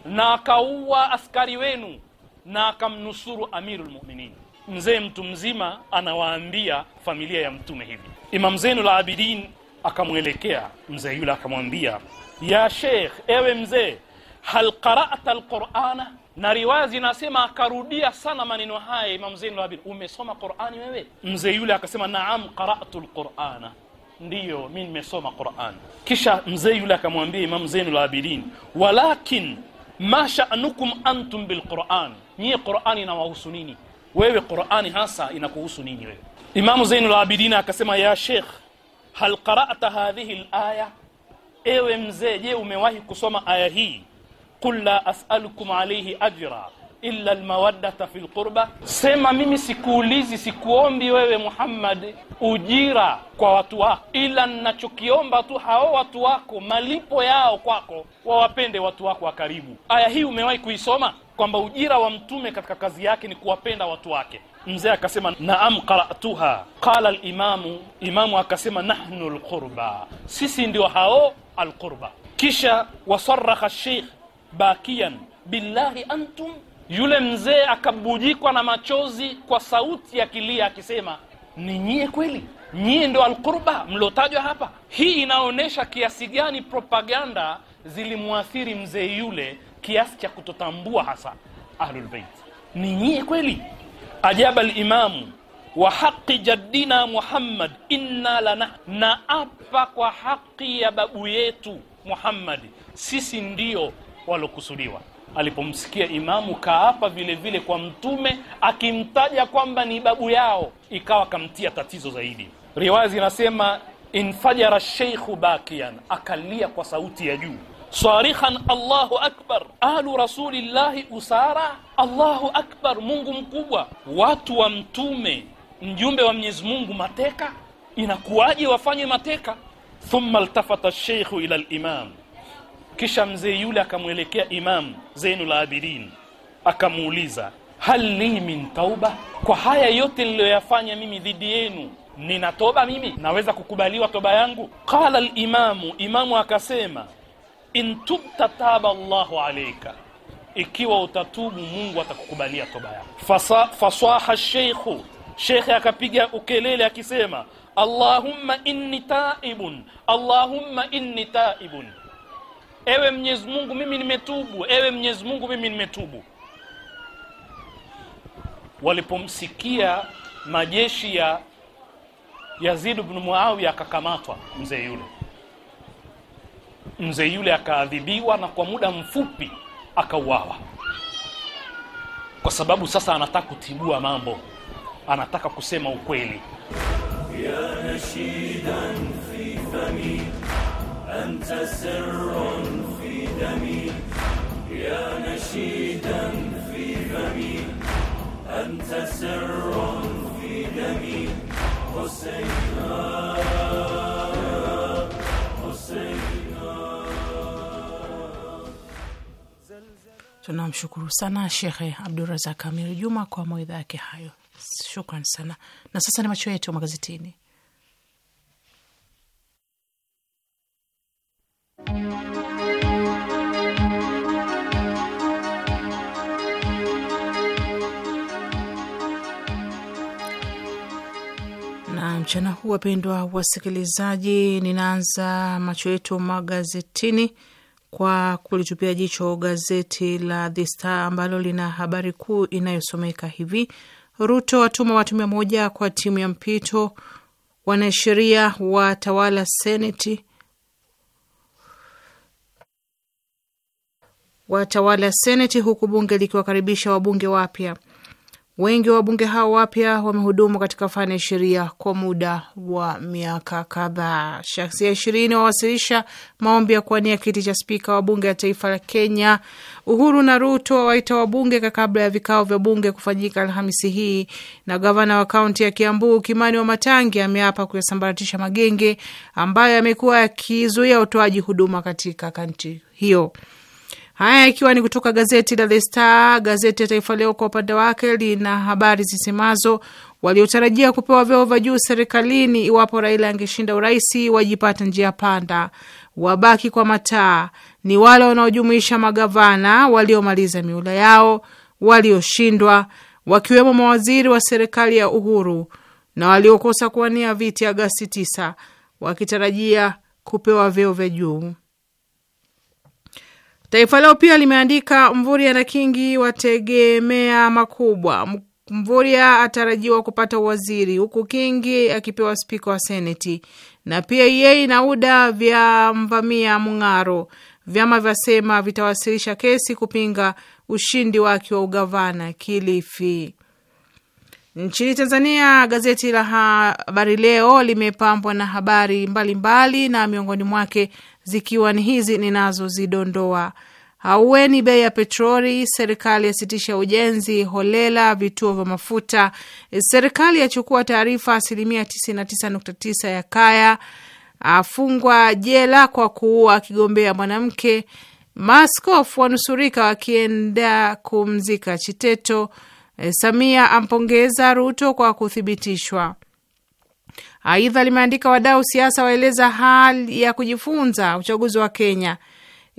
na akaua askari wenu na akamnusuru amiru lmuminin. Mzee mtu mzima anawaambia familia ya mtume hivi. Imam Zainul Abidin akamwelekea mzee yule akamwambia, ya sheikh, ewe mzee, hal qara'ta alqur'ana na riwaya zinasema akarudia sana maneno haya Imam Zain al Abidin, umesoma Qur'ani wewe? Mzee yule akasema naam, qara'tu al-Qur'ana, ndiyo mimi nimesoma Qur'an. Kisha mzee yule akamwambia Imam Zain al Abidin, walakin ma sha'nukum antum bil-Qur'an, nyie Qur'ani inawahusu nini? Wewe Qur'ani hasa inakuhusu nini wewe? Imam Zain al Abidin akasema ya Sheikh, hal qara'ta hadhihi al-aya, ewe mzee, je umewahi kusoma aya hii qul la as'alukum alayhi ajra illa almawaddata fil qurba, sema mimi sikuulizi, sikuombi wewe Muhammad ujira kwa watu wako, ila ninachokiomba tu hao watu wako malipo yao kwako, wawapende watu wako wa karibu. Aya hii umewahi kuisoma kwamba ujira wa mtume katika kazi yake ni kuwapenda watu wake. Mzee akasema naam qara'tuha, qala alimamu, imamu akasema nahnu alqurba, sisi ndio hao alqurba. Kisha wasaraha sheikh bakian billahi antum yule mzee akabujikwa na machozi kwa sauti ya kilia akisema ni nyie kweli nyie ndo alqurba mliotajwa hapa hii inaonyesha kiasi gani propaganda zilimwathiri mzee yule kiasi cha kutotambua hasa ahlulbeit ni nyie kweli ajaba limamu wa haqi jaddina muhammad inna lana na apa kwa haqi ya babu yetu muhammadi sisi ndio walokusudiwa. Alipomsikia imamu kaapa vile vile kwa Mtume akimtaja kwamba ni babu yao, ikawa kamtia tatizo zaidi. Riwaya zinasema infajara sheikhu bakian, akalia kwa sauti ya juu sarihan Allahu akbar, ahlu rasulillahi usara, Allahu akbar, Mungu mkubwa, watu wa Mtume, mjumbe wa Mwenyezi Mungu mateka, inakuwaje wafanye mateka? Thumma ltafata sheikhu ila limam kisha mzee yule akamwelekea Imam Zainul Abidin akamuuliza hal li min tauba, kwa haya yote niliyoyafanya mimi dhidi yenu nina toba mimi, naweza kukubaliwa toba yangu? Qala limamu, imamu akasema in tubta taba Allahu alaika, ikiwa utatubu Mungu atakukubalia toba yako. Fasaha sheikhu, shekhe akapiga ukelele akisema allahumma inni taibun, allahumma inni taibun ewe Mwenyezi Mungu mimi nimetubu ewe Mwenyezi Mungu mimi nimetubu walipomsikia majeshi ya Yazid ibn Muawiya akakamatwa mzee yule mzee yule akaadhibiwa na kwa muda mfupi akauawa kwa sababu sasa anataka kutibua mambo anataka kusema ukweli
ya nashidan fi famili أنت سر في دمي يا نشيدا في فمي أنت سر في دمي
حسينا Tunamshukuru sana Shekhe Abdurazak Amir Juma kwa mawaidha yake hayo, shukran sana. Na sasa ni macho yetu magazetini. Mchana huu wapendwa wasikilizaji, ninaanza macho yetu magazetini kwa kulitupia jicho gazeti la The Star ambalo lina habari kuu inayosomeka hivi: Ruto watuma watu mia moja kwa timu ya mpito, wanasheria watawala seneti, watawala seneti, huku bunge likiwakaribisha wabunge wapya. Wengi wa wabunge hao wapya wamehudumu katika fani ya sheria kwa muda wa miaka kadhaa. Shaksia ishirini wawasilisha maombi ya kuwania kiti cha spika wa bunge ya taifa la Kenya. Uhuru na Ruto wawaita wabunge kabla ya vikao vya bunge kufanyika Alhamisi hii, na gavana wa kaunti ya Kiambu Kimani wa Matangi ameapa kuyasambaratisha magenge ambayo yamekuwa yakizuia utoaji huduma katika kaunti hiyo. Haya ikiwa ni kutoka gazeti la The Star. Gazeti ya Taifa Leo kwa upande wake lina habari zisemazo waliotarajia kupewa vyeo vya juu serikalini iwapo Raila angeshinda uraisi wajipata njia panda, wabaki kwa mataa ni wale wanaojumuisha magavana waliomaliza miula yao, walioshindwa wakiwemo mawaziri wa serikali ya Uhuru na waliokosa kuwania viti Agasti 9 wakitarajia kupewa vyeo vya juu. Taifa Leo pia limeandika Mvurya na Kingi wategemea makubwa. Mvurya atarajiwa kupata waziri huku Kingi akipewa spika wa Seneti, na pia yeye na UDA vya mvamia Mng'aro. Vyama vyasema vitawasilisha kesi kupinga ushindi wake wa ugavana Kilifi. Nchini Tanzania, gazeti la Habari Leo limepambwa na habari mbalimbali mbali, na miongoni mwake zikiwa ni hizi ninazozidondoa: haueni bei ya petroli, serikali yasitisha ujenzi holela vituo vya mafuta, serikali yachukua taarifa asilimia 99.9 ya kaya, afungwa jela kwa kuua akigombea mwanamke, maskofu wanusurika wakienda kumzika Chiteto, Samia ampongeza Ruto kwa kuthibitishwa Aidha limeandika wadau siasa waeleza hali ya kujifunza uchaguzi wa Kenya,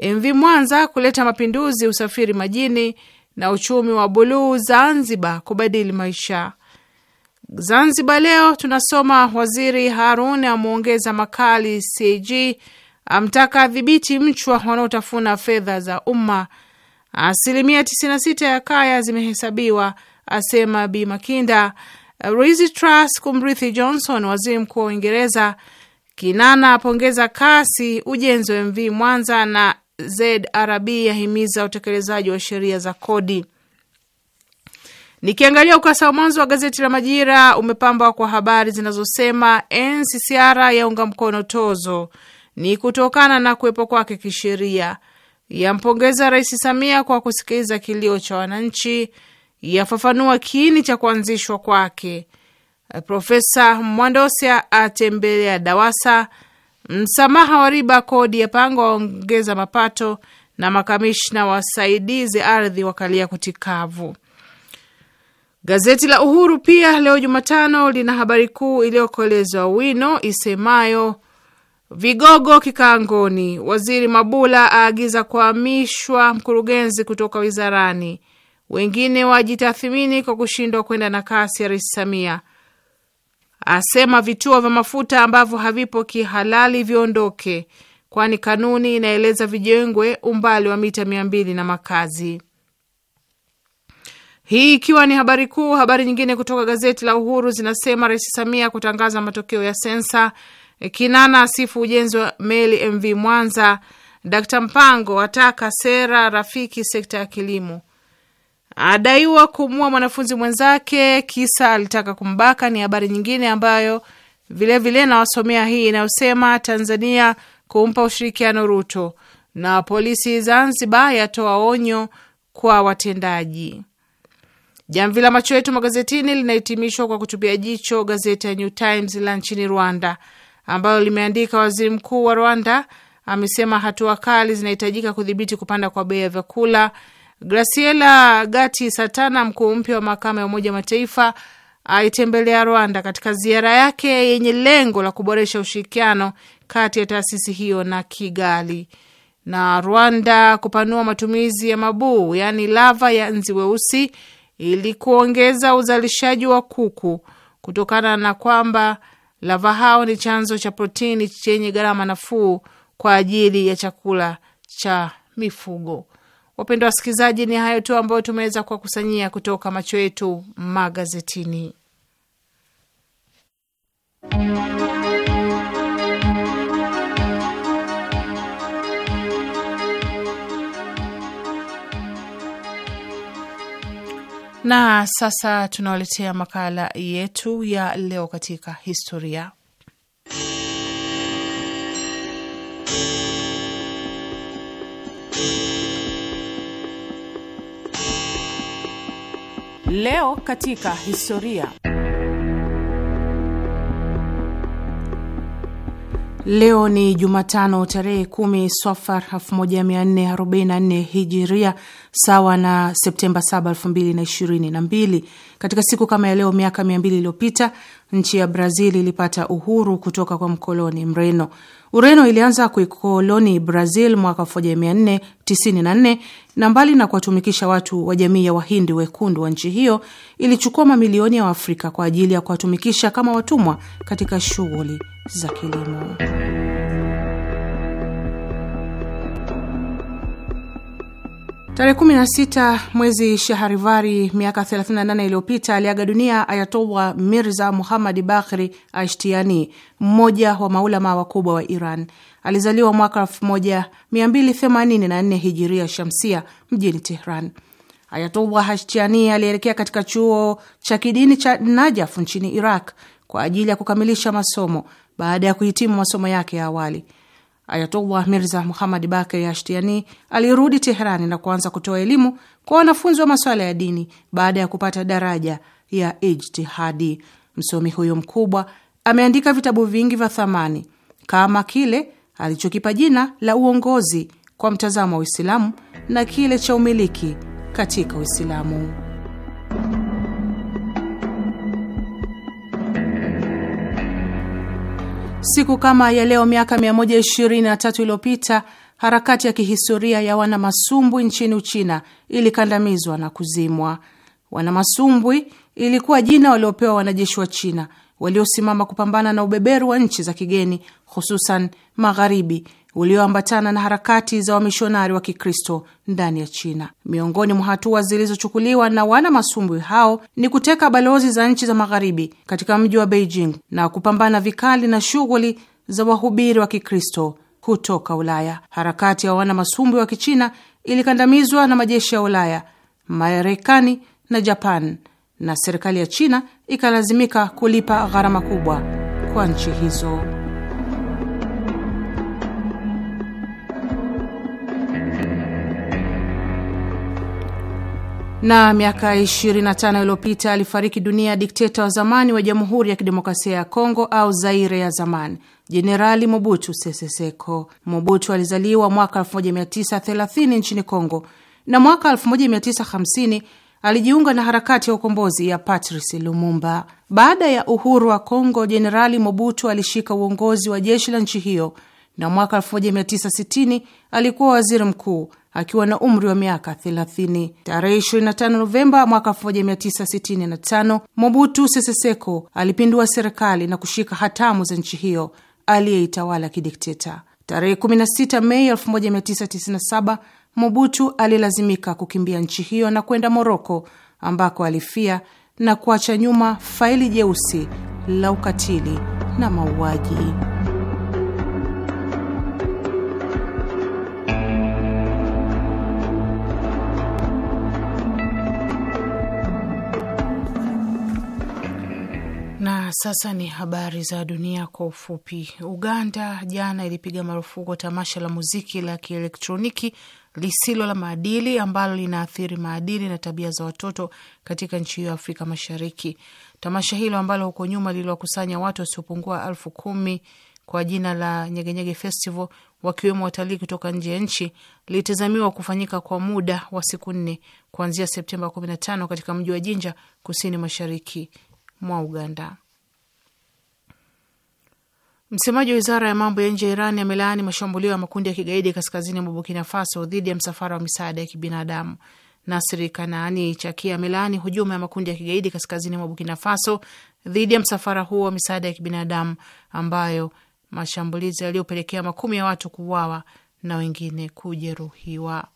MV Mwanza kuleta mapinduzi usafiri majini, na uchumi wa buluu Zanzibar kubadili maisha. Zanzibar Leo tunasoma waziri Harun amwongeza makali CAG, amtaka adhibiti mchwa wanaotafuna fedha za umma. Asilimia 96 ya kaya zimehesabiwa, asema Bi Makinda. Rishi Truss kumrithi Johnson waziri mkuu wa Uingereza. Kinana apongeza kasi ujenzi wa MV Mwanza na ZRB yahimiza utekelezaji wa sheria za kodi. Nikiangalia ukurasa wa mwanzo wa gazeti la Majira umepambwa kwa habari zinazosema NCCR yaunga mkono tozo ni kutokana na kuwepo kwake kisheria, yampongeza Rais Samia kwa kusikiliza kilio cha wananchi yafafanua kiini cha kuanzishwa kwake. Profesa Mwandosia atembelea DAWASA. Msamaha wa riba kodi ya pango waongeza mapato, na makamishna wasaidizi ardhi wakalia kutikavu. Gazeti la Uhuru pia leo Jumatano lina habari kuu iliyokolezwa wino isemayo vigogo kikangoni, waziri Mabula aagiza kuhamishwa mkurugenzi kutoka wizarani wengine wajitathimini kwa kushindwa kwenda na kasi ya Rais Samia. Asema vituo vya mafuta ambavyo havipo kihalali viondoke, kwani kanuni inaeleza vijengwe umbali wa mita mia mbili na makazi. Hii ikiwa ni habari kuu. Habari nyingine kutoka gazeti la Uhuru zinasema Rais Samia kutangaza matokeo ya sensa, Kinana asifu ujenzi wa meli MV Mwanza, Dkt Mpango ataka sera rafiki sekta ya kilimo adaiwa kumua mwanafunzi mwenzake kisa alitaka kumbaka. Ni habari nyingine ambayo vilevile nawasomea hii inayosema Tanzania kumpa ushirikiano Ruto na polisi Zanzibar yatoa onyo kwa watendaji. Jamvi la macho yetu magazetini linahitimishwa kwa kutupia jicho gazeti ya New Times la nchini Rwanda ambalo limeandika waziri mkuu wa Rwanda amesema hatua kali zinahitajika kudhibiti kupanda kwa bei ya vyakula Graciela Gati Satana, mkuu mpya wa mahakama ya Umoja wa Mataifa, aitembelea Rwanda katika ziara yake yenye lengo la kuboresha ushirikiano kati ya taasisi hiyo na Kigali na Rwanda kupanua matumizi ya mabuu yaani lava ya nzi weusi ili kuongeza uzalishaji wa kuku kutokana na kwamba lava hao ni chanzo cha protini chenye gharama nafuu kwa ajili ya chakula cha mifugo. Wapendwa wasikilizaji, ni hayo tu ambayo tumeweza kuwakusanyia kutoka macho yetu magazetini. Na sasa tunawaletea makala yetu ya leo katika historia. Leo katika historia. Leo ni Jumatano tarehe kumi Swafar 1444 Hijiria, sawa na Septemba 7, 2022. Katika siku kama ya leo miaka 200 iliyopita nchi ya Brazil ilipata uhuru kutoka kwa mkoloni Mreno. Ureno ilianza kuikoloni Brazil mwaka 1494 na mbali na kuwatumikisha watu wa jamii ya Wahindi wekundu wa nchi hiyo, ilichukua mamilioni ya Waafrika kwa ajili ya kuwatumikisha kama watumwa katika shughuli za kilimo. Tarehe 16 mwezi Shaharivari miaka 38 iliyopita aliaga dunia Ayatollah Mirza Muhammad Bakhri Ashtiani, mmoja wa maulama wakubwa wa Iran. Alizaliwa mwaka 1284 hijiria shamsia mjini Tehran. Ayatollah Ashtiani alielekea katika chuo cha kidini cha Najaf nchini Iraq kwa ajili ya kukamilisha masomo baada ya kuhitimu masomo yake ya awali. Ayatollah Mirza Muhammad Bakir Ashtiani alirudi Teherani na kuanza kutoa elimu kwa wanafunzi wa masuala ya dini baada ya kupata daraja ya ijtihadi. Msomi huyo mkubwa ameandika vitabu vingi vya thamani kama kile alichokipa jina la Uongozi kwa mtazamo wa Uislamu na kile cha Umiliki katika Uislamu. Siku kama ya leo miaka 123 iliyopita harakati ya kihistoria ya wanamasumbwi nchini Uchina ilikandamizwa na kuzimwa. Wanamasumbwi ilikuwa jina waliopewa wanajeshi wa China waliosimama kupambana na ubeberu wa nchi za kigeni, hususan magharibi ulioambatana na harakati za wamishonari wa Kikristo ndani ya China. Miongoni mwa hatua zilizochukuliwa na wana masumbwi hao ni kuteka balozi za nchi za magharibi katika mji wa Beijing na kupambana vikali na shughuli za wahubiri wa Kikristo kutoka Ulaya. Harakati ya wana masumbwi wa Kichina ilikandamizwa na majeshi ya Ulaya, Marekani na Japan, na serikali ya China ikalazimika kulipa gharama kubwa kwa nchi hizo. Na miaka 25 iliyopita alifariki dunia dikteta wa zamani wa Jamhuri ya Kidemokrasia ya Kongo au Zaire ya zamani, Jenerali Mobutu Sese Seko. Mobutu alizaliwa mwaka 1930 nchini Kongo na mwaka 1950 alijiunga na harakati ya ukombozi ya Patrice Lumumba. Baada ya uhuru wa Kongo, Jenerali Mobutu alishika uongozi wa jeshi la nchi hiyo na mwaka 1960 alikuwa waziri mkuu akiwa na umri wa miaka 30. Tarehe 25 Novemba mwaka 1965 Mobutu Sese Seko alipindua serikali na kushika hatamu za nchi hiyo aliyeitawala kidikteta. Tarehe 16 Mei 1997 Mobutu alilazimika kukimbia nchi hiyo na kwenda Moroko ambako alifia na kuacha nyuma faili jeusi la ukatili na mauaji. Na sasa ni habari za dunia kwa ufupi. Uganda jana ilipiga marufuku tamasha la muziki la kielektroniki lisilo la maadili ambalo linaathiri maadili na tabia za watoto katika nchi hiyo ya Afrika Mashariki. Tamasha hilo ambalo huko nyuma liliwakusanya watu wasiopungua elfu kumi kwa jina la Nyegenyege Festival, wakiwemo watalii kutoka nje ya nchi, lilitazamiwa kufanyika kwa muda wa siku nne kuanzia Septemba 15 katika mji wa Jinja, kusini mashariki mwa Uganda. Msemaji wa wizara ya mambo ya nje ya Irani amelaani mashambulio ya makundi ya kigaidi kaskazini mwa Burkina Faso dhidi ya msafara wa misaada ya kibinadamu. Nasri Kanaani Chaki amelaani hujuma ya makundi ya kigaidi kaskazini mwa Burkina Faso dhidi ya msafara huo wa misaada ya kibinadamu, ambayo mashambulizi yaliyopelekea makumi ya watu kuuawa na wengine kujeruhiwa.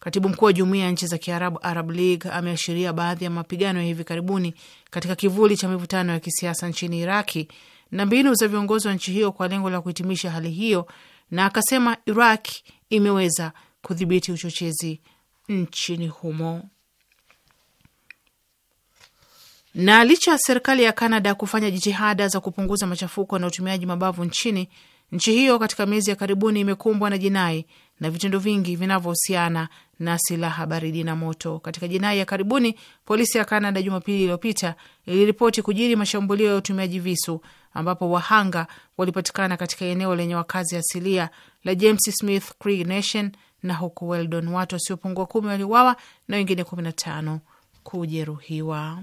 Katibu mkuu wa jumuia ya nchi za Kiarabu, Arab League, ameashiria baadhi ya mapigano ya hivi karibuni katika kivuli cha mivutano ya kisiasa nchini Iraki na mbinu za viongozi wa nchi hiyo kwa lengo la kuhitimisha hali hiyo, na akasema Iraq imeweza kudhibiti uchochezi nchini humo. Na licha ya serikali ya Kanada kufanya jitihada za kupunguza machafuko na utumiaji mabavu nchini, nchi hiyo katika miezi ya karibuni imekumbwa na jinai na vitendo vingi vinavyohusiana na silaha baridi na moto. Katika jinai ya karibuni, polisi ya Kanada Jumapili iliyopita iliripoti kujiri mashambulio ya utumiaji visu ambapo wahanga walipatikana katika eneo lenye wakazi asilia la James Smith Cree Nation na huku Weldon watu wasiopungua kumi waliuawa na wengine 15 kujeruhiwa.